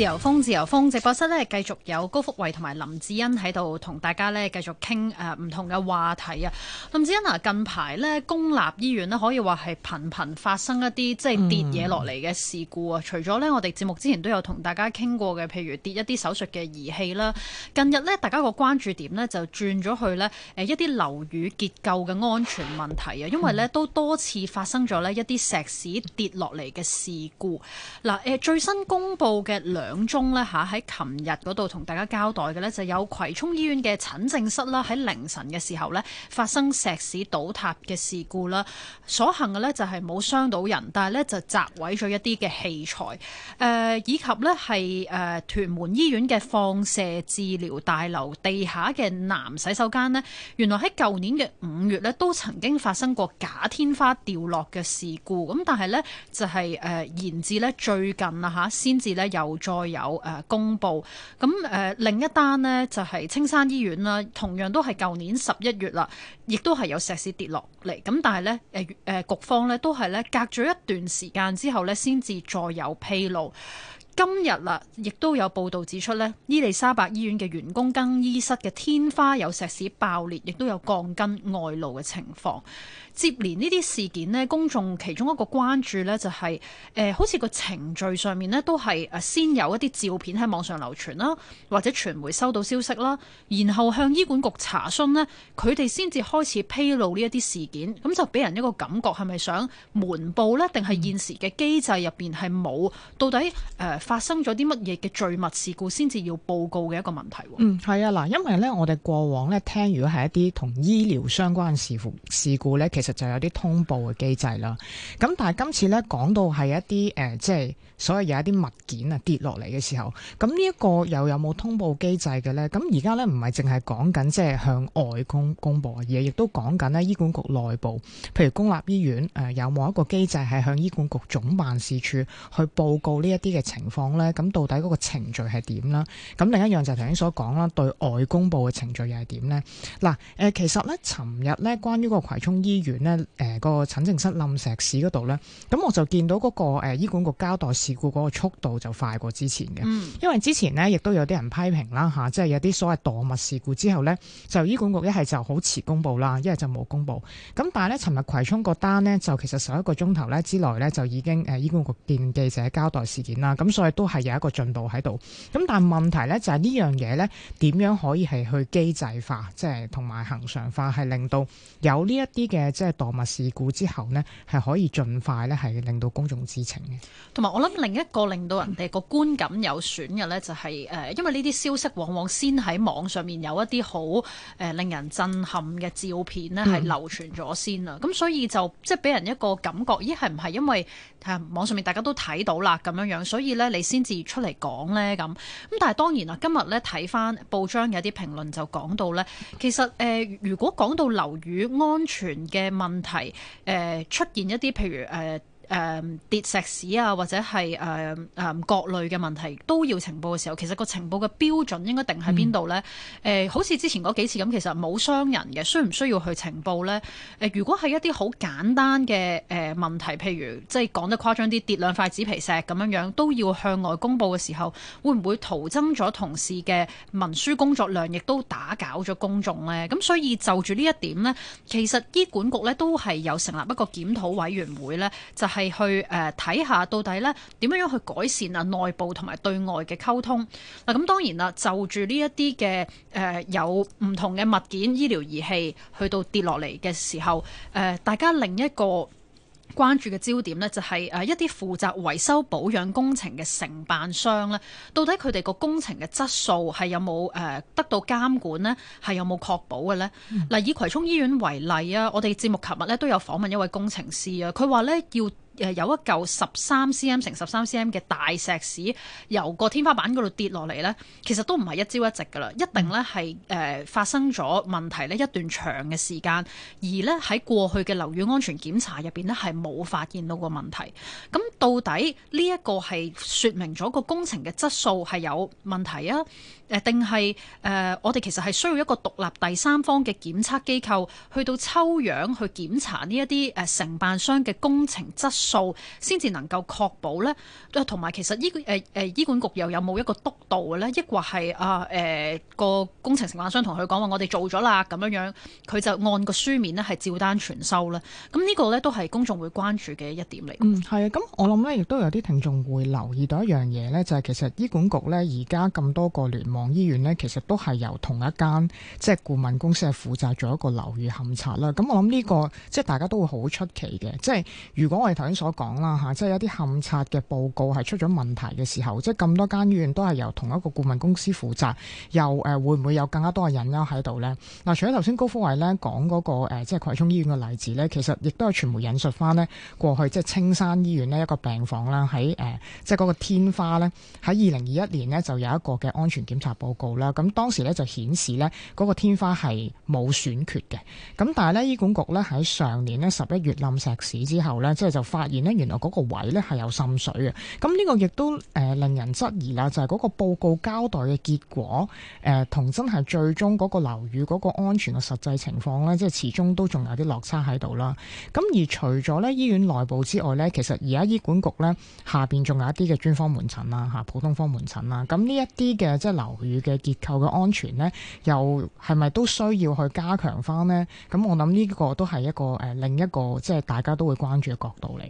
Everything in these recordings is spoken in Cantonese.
自由風，自由風直播室咧，繼續有高福慧同埋林子欣喺度同大家咧繼續傾誒唔同嘅話題啊。林子欣嗱、啊，近排呢，公立醫院呢可以話係頻頻發生一啲即係跌嘢落嚟嘅事故啊。嗯、除咗呢，我哋節目之前都有同大家傾過嘅，譬如跌一啲手術嘅儀器啦。近日呢，大家個關注點呢就轉咗去呢誒一啲樓宇結構嘅安全問題啊。因為呢都多次發生咗呢一啲石屎跌落嚟嘅事故。嗱、呃、誒、呃，最新公布嘅兩兩宗呢，嚇，喺琴日嗰度同大家交代嘅呢，就有葵涌醫院嘅診症室啦，喺凌晨嘅時候呢，發生石屎倒塌嘅事故啦。所幸嘅呢，就係冇傷到人，但係呢，就砸毀咗一啲嘅器材。誒、呃、以及呢，係、呃、誒屯門醫院嘅放射治療大樓地下嘅男洗手間呢，原來喺舊年嘅五月呢，都曾經發生過假天花掉落嘅事故。咁但係呢，就係、是、誒、呃、延至呢最近啊嚇，先至呢，又再。再有誒公布，咁誒、呃、另一單呢就係、是、青山醫院啦，同樣都係舊年十一月啦，亦都係有石屎跌落嚟，咁但係呢誒誒、呃呃、局方呢都係呢隔咗一段時間之後呢，先至再有披露。今日啦，亦都有報道指出呢伊利沙伯醫院嘅員工更衣室嘅天花有石屎爆裂，亦都有鋼筋外露嘅情況。接連呢啲事件呢公眾其中一個關注呢、就係，就、呃、係，好似個程序上面呢，都係先有一啲照片喺網上流傳啦，或者傳媒收到消息啦，然後向醫管局查詢呢佢哋先至開始披露呢一啲事件。咁就俾人一個感覺係咪想瞞報呢？定係現時嘅機制入面係冇？到底、呃發生咗啲乜嘢嘅罪物事故，先至要報告嘅一個問題。嗯，係啊，嗱，因為咧，我哋過往咧聽，如果係一啲同醫療相關事故事故咧，其實就有啲通報嘅機制啦。咁但係今次咧講到係一啲誒、呃，即係所謂有一啲物件啊跌落嚟嘅時候，咁呢一個又有冇通報機制嘅咧？咁而家咧唔係淨係講緊即係向外公公佈嘅嘢，亦都講緊咧醫管局內部，譬如公立醫院誒、呃、有冇一個機制係向醫管局總辦事處去報告呢一啲嘅情況。況咧，咁到底嗰個程序係點啦？咁另一樣就係頭先所講啦，對外公佈嘅程序又係點呢？嗱，誒其實咧，尋日咧，關於個葵涌醫院咧，誒個診症室冧石屎嗰度咧，咁我就見到嗰個誒醫管局交代事故嗰個速度就快過之前嘅，嗯、因為之前呢，亦都有啲人批評啦吓，即係有啲所謂墮物事故之後呢，就醫管局一係就好遲公佈啦，一係就冇公佈。咁但係咧，尋日葵涌個單呢，就其實十一個鐘頭咧之內咧，就已經誒醫管局見記者交代事件啦。咁所以都係有一個進步喺度，咁但係問題咧就係呢樣嘢咧點樣可以係去機制化，即係同埋恒常化，係令到有呢一啲嘅即係墮物事故之後咧，係可以盡快咧係令到公眾知情嘅。同埋我諗另一個令到人哋個觀感有損嘅咧，就係誒因為呢啲消息往往先喺網上面有一啲好誒令人震撼嘅照片咧，係流傳咗先啦，咁所以就即係俾人一個感覺咦？係唔係因為誒、啊、網上面大家都睇到啦咁樣樣，所以咧？你先至出嚟講呢咁咁，但係當然啦，今日咧睇翻報章有啲評論就講到呢，其實、呃、如果講到樓宇安全嘅問題、呃，出現一啲譬如、呃誒、嗯、跌石屎啊，或者係誒誒各類嘅問題都要呈報嘅時候，其實個呈報嘅標準應該定喺邊度咧？誒、嗯呃、好似之前嗰幾次咁，其實冇傷人嘅，需唔需要去呈報咧？誒、呃、如果係一啲好簡單嘅誒、呃、問題，譬如即係講得誇張啲，跌兩塊紙皮石咁樣樣都要向外公布嘅時候，會唔會徒增咗同事嘅文書工作量，亦都打攪咗公眾咧？咁所以就住呢一點咧，其實醫管局咧都係有成立一個檢討委員會咧，就係、是。係去誒睇下到底咧，點樣樣去改善啊，內部同埋對外嘅溝通。嗱，咁當然啦，就住呢一啲嘅誒有唔同嘅物件醫療儀器去到跌落嚟嘅時候誒、呃、大家另一個關注嘅焦點呢，就係、是、誒一啲負責維修保養工程嘅承辦商咧，到底佢哋個工程嘅質素係有冇誒、呃、得到監管咧？係有冇確保嘅呢？嗱、嗯、以葵涌醫院為例啊我哋節目琴日咧，都有訪問一位工程師啊佢話咧，要誒有一嚿十三 cm 乘十三 cm 嘅大石屎由個天花板嗰度跌落嚟咧，其實都唔係一朝一夕噶啦，一定咧係誒發生咗問題咧一段長嘅時間，而咧喺過去嘅樓宇安全檢查入邊咧係冇發現到個問題，咁到底呢一個係說明咗個工程嘅質素係有問題啊？誒定係誒我哋其實係需要一個獨立第三方嘅檢測機構去到抽樣去檢查呢一啲誒承辦商嘅工程質。數先至能夠確保呢，同埋其實依醫、呃呃、醫管局又有冇一個督導嘅抑或係啊個、呃、工程承辦商同佢講話，我哋做咗啦咁樣樣，佢就按個書面呢係照單全收啦咁呢個呢都係公眾會關注嘅一點嚟。嗯，係啊，咁我諗呢亦都有啲聽眾會留意到一樣嘢呢，就係、是、其實醫管局呢而家咁多個聯網醫院呢，其實都係由同一間即係、就是、顧問公司係負責做一個樓宇勘察啦。咁我諗呢、這個即係、就是、大家都會好出奇嘅，即、就、係、是、如果我哋睇所講啦嚇，即係一啲勘測嘅報告係出咗問題嘅時候，即係咁多間醫院都係由同一個顧問公司負責，又誒、呃、會唔會有更加多嘅隱憂喺度呢？嗱、啊，除咗頭先高福偉咧講嗰個、呃、即係葵涌醫院嘅例子呢，其實亦都係傳媒引述翻呢。過去即係青山醫院呢一個病房啦，喺誒、呃、即係嗰個天花呢，喺二零二一年呢就有一個嘅安全檢查報告啦。咁當時呢就顯示呢，嗰、那個天花係冇損缺嘅，咁但係呢，醫管局呢喺上年咧十一月冧石屎之後呢，即係就發發現呢，原來嗰個位呢係有滲水嘅。咁呢個亦都誒、呃、令人質疑啦，就係、是、嗰個報告交代嘅結果，誒、呃、同真係最終嗰個樓宇嗰個安全嘅實際情況呢，即係始終都仲有啲落差喺度啦。咁而除咗呢醫院內部之外呢，其實而家醫管局呢，下邊仲有一啲嘅專科門診啦，嚇普通科門診啦。咁呢一啲嘅即係樓宇嘅結構嘅安全呢，又係咪都需要去加強返呢？咁我諗呢個都係一個誒、呃、另一個即係大家都會關注嘅角度嚟。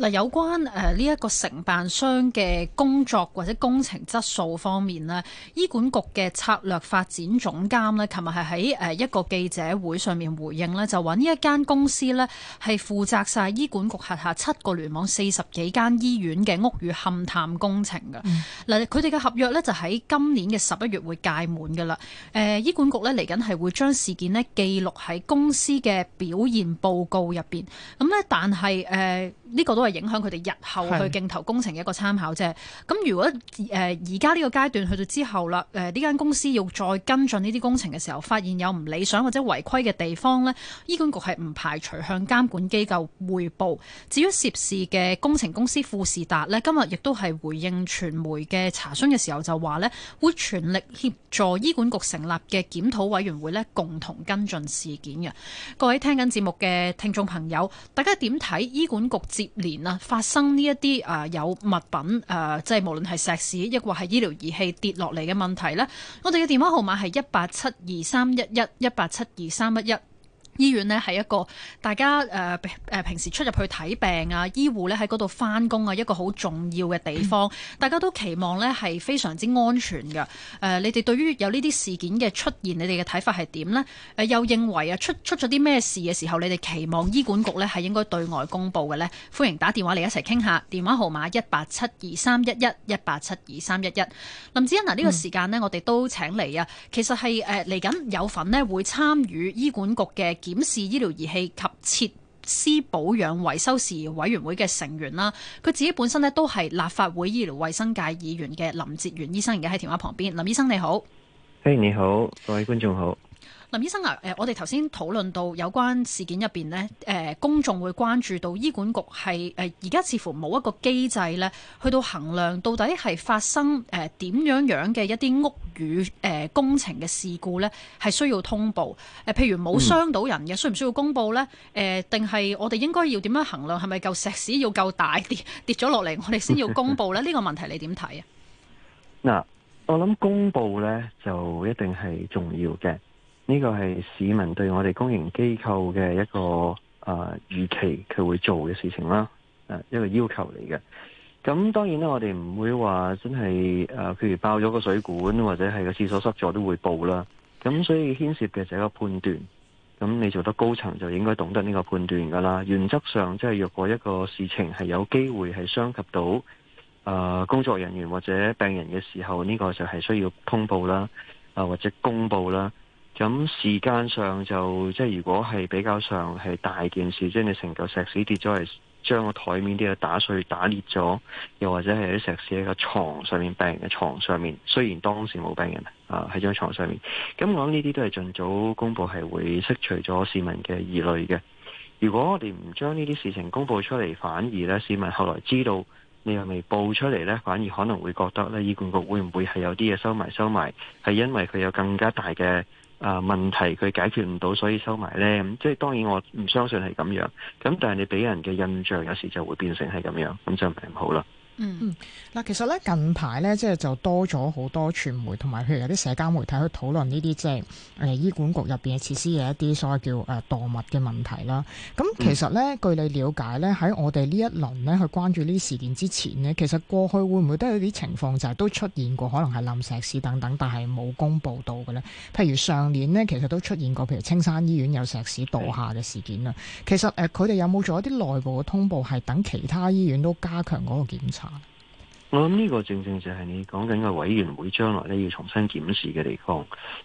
嗱，有關誒呢一個承辦商嘅工作或者工程質素方面咧，醫管局嘅策略發展總監咧，琴日係喺誒一個記者會上面回應咧，就話呢一間公司咧係負責晒醫管局轄下七個聯網四十幾間醫院嘅屋宇勘探工程嘅。嗱、嗯，佢哋嘅合約咧就喺今年嘅十一月會屆滿㗎喇。誒，醫管局咧嚟緊係會將事件咧記錄喺公司嘅表現報告入邊咁咧，但係誒。呃呢個都係影響佢哋日後去競投工程嘅一個參考啫。咁是如果誒而家呢個階段去到之後啦，誒呢間公司要再跟進呢啲工程嘅時候，發現有唔理想或者違規嘅地方咧，醫管局係唔排除向監管機構匯報。至於涉事嘅工程公司富士達咧，今日亦都係回應傳媒嘅查詢嘅時候就話咧，會全力協助醫管局成立嘅檢討委員會咧，共同跟進事件嘅。各位聽緊節目嘅聽眾朋友，大家點睇醫管局？接連啊，發生呢一啲啊有物品啊、呃，即係無論係石屎亦或係醫療儀器跌落嚟嘅問題呢，我哋嘅電話號碼係一八七二三一一一八七二三一一。醫院咧係一個大家誒誒、呃、平時出入去睇病啊，醫護咧喺嗰度翻工啊，一個好重要嘅地方，嗯、大家都期望呢係非常之安全嘅。誒、呃，你哋對於有呢啲事件嘅出現，你哋嘅睇法係點呢？誒、呃，又認為啊，出出咗啲咩事嘅時候，你哋期望醫管局呢係應該對外公佈嘅呢？歡迎打電話嚟一齊傾下，電話號碼一八七二三一一一八七二三一一。嗯、林子欣嗱、啊，呢、呢個時間呢，我哋都請嚟啊，其實係誒嚟緊有份呢會參與醫管局嘅檢視醫療儀器及設施保養維修事宜委員會嘅成員啦，佢自己本身呢，都係立法會醫療衛生界議員嘅林哲玄醫生，而家喺電話旁邊。林醫生你好，嘿、hey, 你好，各位觀眾好。林醫生啊，呃、我哋頭先討論到有關事件入面呢、呃，公眾會關注到醫管局係誒，而、呃、家似乎冇一個機制咧，去到衡量到底係發生誒點、呃、樣樣嘅一啲屋宇誒、呃、工程嘅事故呢？係需要通報、呃、譬如冇傷到人嘅，嗯、需唔需要公佈呢？誒、呃，定係我哋應該要點樣衡量係咪嚿石屎要夠大啲跌咗落嚟，我哋先要公佈呢，呢 個問題你點睇啊？嗱、呃，我諗公佈呢就一定係重要嘅。呢個係市民對我哋公營機構嘅一個啊預、呃、期，佢會做嘅事情啦，誒一個要求嚟嘅。咁當然啦，我哋唔會話真係誒，譬、呃、如爆咗個水管或者係個廁所塞住都會報啦。咁所以牽涉嘅就係一個判斷，咁你做得高層就應該懂得呢個判斷噶啦。原則上，即係若果一個事情係有機會係傷及到誒、呃、工作人員或者病人嘅時候，呢、這個就係需要通報啦，啊、呃、或者公布啦。咁時間上就即係如果係比較上係大件事，即係你成嚿石屎跌咗，嚟，將個台面啲嘢打碎打裂咗，又或者係啲石屎喺個床上面，病人嘅床上面，雖然當時冇病人啊喺張床上面。咁我諗呢啲都係盡早公佈係會釋除咗市民嘅疑慮嘅。如果我哋唔將呢啲事情公佈出嚟，反而呢市民後來知道你又未報出嚟呢，反而可能會覺得呢醫管局會唔會係有啲嘢收埋收埋，係因為佢有更加大嘅。啊！問題佢解決唔到，所以收埋呢。即係當然，我唔相信係咁樣。咁但係你俾人嘅印象有時就會變成係咁樣，咁就唔係咁好啦。嗯，嗱，其實咧近排咧，即係就多咗好多傳媒同埋，譬如有啲社交媒體去討論呢啲即係誒醫管局入面嘅設施嘅一啲所謂叫誒、呃、墮物嘅問題啦。咁其實咧，嗯、據你了解咧，喺我哋呢一輪咧去關注呢啲事件之前呢，其實過去會唔會都有啲情況就係都出現過，可能係冧石屎等等，但係冇公布到嘅咧。譬如上年呢，其實都出現過，譬如青山醫院有石屎墮下嘅事件啦。嗯、其實佢哋有冇做一啲內部嘅通報，係等其他醫院都加強嗰個檢查？我諗呢個正正就係你講緊個委員會將來咧要重新檢視嘅地方，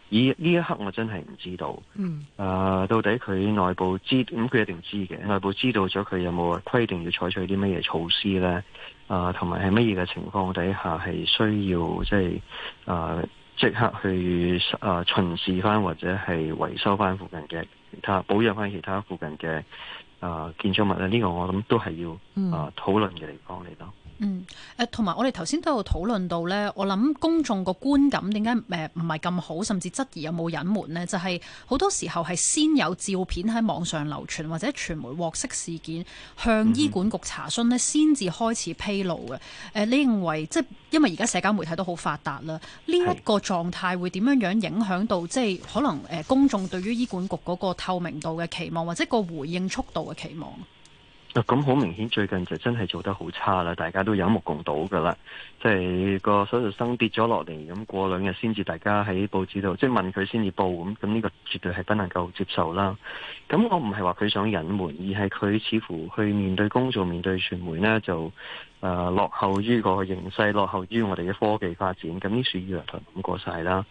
以呢一刻我真係唔知道，嗯，啊，到底佢內部知，咁、嗯、佢一定知嘅，內部知道咗佢有冇規定要採取啲乜嘢措施咧，啊，同埋係乜嘢嘅情況底下係需要即係、就是、啊即刻去啊巡視翻或者係維修翻附近嘅其他保養翻其他附近嘅啊建築物咧，呢、呢個我諗都係要、嗯、啊討論嘅地方嚟咯。嗯，誒，同埋我哋頭先都有討論到咧，我諗公眾個觀感點解誒唔係咁好，甚至質疑有冇隱瞞呢？就係、是、好多時候係先有照片喺網上流傳，或者傳媒獲悉事件，向醫管局查詢呢，先至開始披露嘅。誒、嗯，你認為即係因為而家社交媒體都好發達啦，呢一是個狀態會點樣樣影響到即係可能誒公眾對於醫管局嗰個透明度嘅期望，或者個回應速度嘅期望？咁好明顯最近就真係做得好差啦，大家都有目共睹㗎啦。即係個石屎跌咗落嚟，咁過兩日先至大家喺報紙度，即係問佢先至報，咁。咁呢個絕對係不能夠接受啦。咁我唔係話佢想隱瞞，而係佢似乎去面對公眾面對傳媒咧，就呃，落後於個形勢，落後於我哋嘅科技發展。咁呢，自然就咁過晒啦。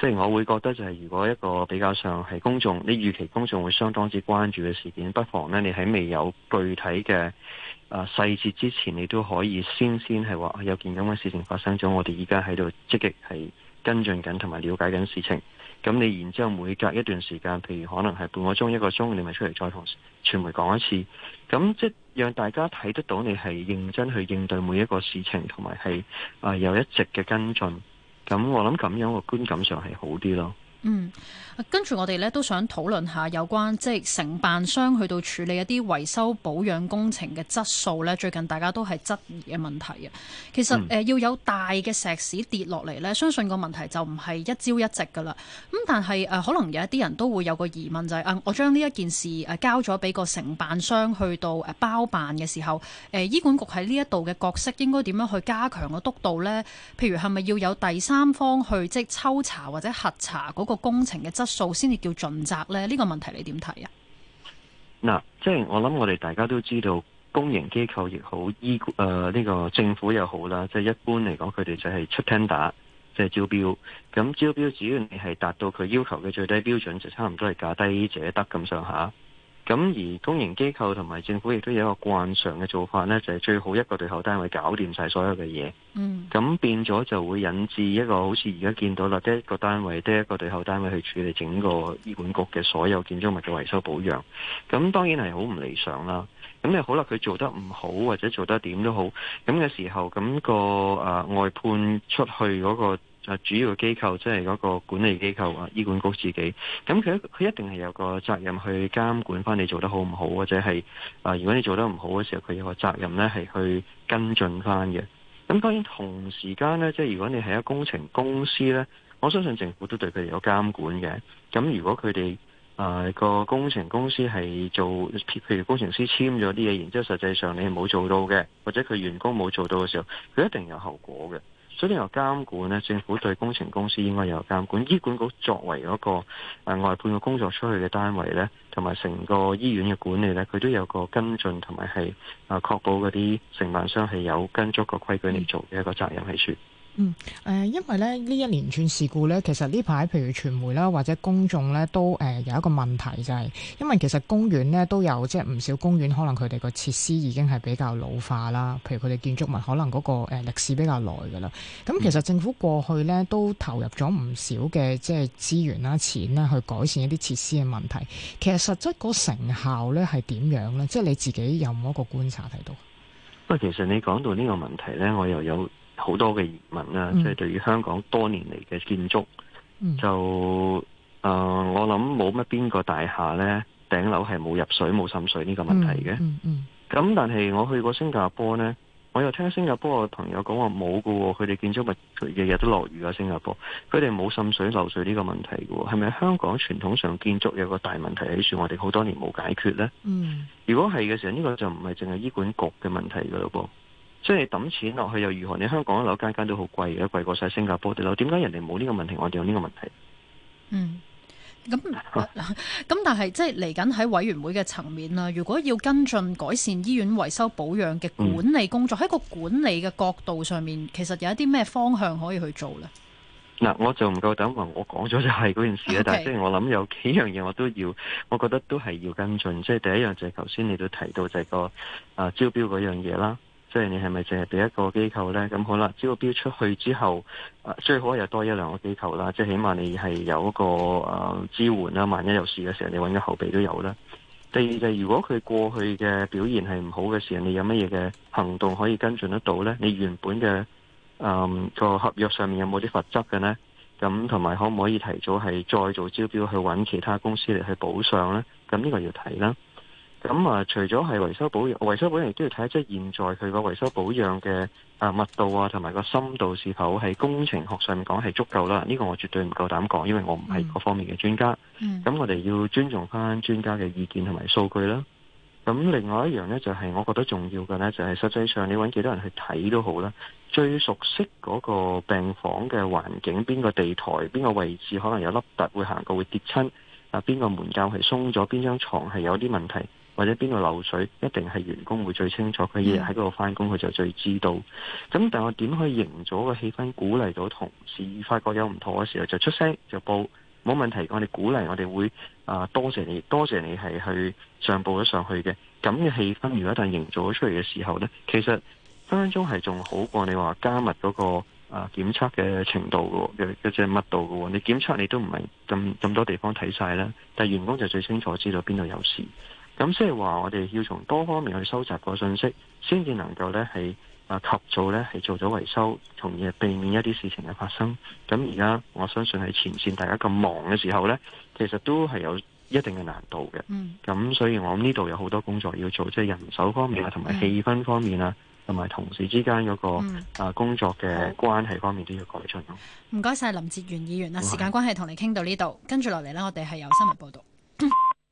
即係我會覺得就係，如果一個比較上係公眾你預期公眾會相當之關注嘅事件，不妨咧，你喺未有具體。喺嘅啊細節之前，你都可以先先係話有件咁嘅事情發生咗，我哋依家喺度積極係跟進緊同埋了解緊事情。咁你然之後每隔一段時間，譬如可能係半個鐘、一個鐘，你咪出嚟再同傳媒講一次。咁即係讓大家睇得到你係認真去應對每一個事情，同埋係啊有一直嘅跟進。咁我諗咁樣個觀感上係好啲咯。嗯，跟住我哋咧都想討論下有關即係、就是、承辦商去到處理一啲維修保養工程嘅質素咧，最近大家都係質疑嘅問題啊。其實誒、嗯呃、要有大嘅石屎跌落嚟咧，相信個問題就唔係一朝一夕噶啦。咁但係誒、呃、可能有一啲人都會有個疑問就係、是、啊、呃，我將呢一件事誒、呃、交咗俾個承辦商去到誒包辦嘅時候，誒、呃、醫管局喺呢一度嘅角色應該點樣去加強個督導咧？譬如係咪要有第三方去即係抽查或者核查嗰、那個？個工程嘅質素先至叫盡責呢。呢、個問題你點睇啊？嗱，即係我諗我哋大家都知道，公營機構亦好，醫誒呢、呃個政府又好啦。即係一般嚟講，佢哋就係出 tender，即係招標。咁招標只要你係達到佢要求嘅最低標準，就差唔多係價低者得咁上下。啊咁而公營機構同埋政府亦都有一個慣常嘅做法呢，就係、是、最好一個對口單位搞掂晒所有嘅嘢。嗯，咁變咗就會引致一個好似而家見到啦，得一個單位，得一個對口單位去處理整個醫管局嘅所有建築物嘅維修保養。咁當然係好唔理想啦。咁你好啦，佢做得唔好或者做得點都好，咁嘅時候，咁個呃外判出去嗰個。就主要嘅機構，即係嗰個管理機構啊，醫管局自己，咁佢佢一定係有個責任去監管翻你做得好唔好，或者係啊、呃，如果你做得唔好嘅時候，佢有個責任呢係去跟進翻嘅。咁當然同時間呢，即係如果你係一工程公司呢，我相信政府都對佢哋有監管嘅。咁如果佢哋啊個工程公司係做譬如工程師簽咗啲嘢，然之後實際上你係冇做到嘅，或者佢員工冇做到嘅時候，佢一定有後果嘅。所以由監管呢，政府對工程公司應該有監管。醫管局作為一個誒外判嘅工作出去嘅單位呢，同埋成個醫院嘅管理呢，佢都有個跟進同埋係誒確保嗰啲承辦商係有跟足個規矩嚟做嘅一個責任係處。嗯，誒、呃，因為咧呢一連串事故咧，其實呢排譬如傳媒啦或者公眾咧都誒有一個問題就係、是，因為其實公院咧都有即係唔少公院，可能佢哋個設施已經係比較老化啦，譬如佢哋建築物可能嗰個誒歷史比較耐㗎喇。咁其實政府過去咧都投入咗唔少嘅即係資源啦、錢啦去改善一啲設施嘅問題，其實實質個成效咧係點樣咧？即、就、係、是、你自己有冇一個觀察睇到？不過其實你講到呢個問題咧，我又有。好多嘅疑問啦，即、就、係、是、對於香港多年嚟嘅建築，嗯、就啊、呃，我諗冇乜邊個大廈呢頂樓係冇入水冇滲水呢個問題嘅。咁、嗯嗯嗯、但係我去過新加坡呢，我又聽新加坡嘅朋友講話冇嘅喎，佢哋建築物日日都落雨啊，新加坡佢哋冇滲水漏水呢個問題嘅喎，係咪香港傳統上建築有一個大問題喺處，我哋好多年冇解決呢？嗯、如果係嘅時候，呢、這個就唔係淨係醫管局嘅問題嘅咯。即係抌錢落去又如何？你香港啲樓間間都好貴嘅，貴過晒新加坡啲樓。點解人哋冇呢個問題，我哋有呢個問題？嗯，咁咁， 但係即係嚟緊喺委員會嘅層面啦。如果要跟進改善醫院維修保養嘅管理工作，喺、嗯、個管理嘅角度上面，其實有一啲咩方向可以去做咧？嗱，我就唔夠膽話我講咗就係嗰件事咧，Okay. 但係即係我諗有幾樣嘢我都要，我覺得都係要跟進。即係第一樣就係頭先你都提到就係個啊招標嗰樣嘢啦。即係你係咪淨係畀一個機構呢？咁好啦，招標出去之後，最好又多一兩個機構啦。即係起碼你係有一個誒、呃、支援啦，萬一有事嘅時候你揾個後備都有啦。第二就是，如果佢過去嘅表現係唔好嘅時候，你有乜嘢嘅行動可以跟進得到呢？你原本嘅誒、呃個合約上面有冇啲罰則嘅呢？咁同埋可唔可以提早係再做招標去揾其他公司嚟去補上呢？咁呢個要睇啦。咁啊，除咗係維修保養，維修保養亦都要睇下，即係現在佢個維修保養嘅啊密度啊，同埋個深度是否係工程學上面講係足夠啦？呢個我絕對唔夠膽講，因為我唔係嗰方面嘅專家。咁、嗯、我哋要尊重翻專家嘅意見同埋數據啦。咁另外一樣咧，就係我覺得重要嘅咧，就係實際上你揾幾多人去睇都好啦。最熟悉嗰個病房嘅環境，邊個地台，邊個位置可能有粒凸會行過會跌親啊？邊個門鉸係鬆咗？邊張床係有啲問題？或者邊度漏水，一定係員工會最清楚。佢日日喺嗰度翻工，佢就最知道。咁，但係我點去營造個氣氛，鼓勵到同事，發覺有唔妥嘅時候，就出聲就報冇問題。我哋鼓勵我哋會啊、呃，多謝你，多謝你係去上報咗上去嘅。咁嘅氣氛，如果但係營造咗出嚟嘅時候呢，其實分分鐘係仲好過你話加密嗰個啊檢測嘅程度嘅即係密度嘅。你檢測你都唔係咁咁多地方睇晒啦，但係員工就最清楚知道邊度有事。咁即係話，我哋要從多方面去收集個信息，先至能夠咧係啊及早咧係做咗維修，從而避免一啲事情嘅發生。咁而家我相信喺前綫大家咁忙嘅時候咧，其實都係有一定嘅難度嘅。咁、嗯、所以，我呢度有好多工作要做，即、就、係、是、人手方面啊，同埋氣氛方面啊，同埋、嗯、同事之間嗰、那個、嗯、啊工作嘅關係方面都要改進咯。唔該晒林哲玄議員啊，就是、時間關係同你傾到呢度，跟住落嚟咧，我哋係有新聞報道。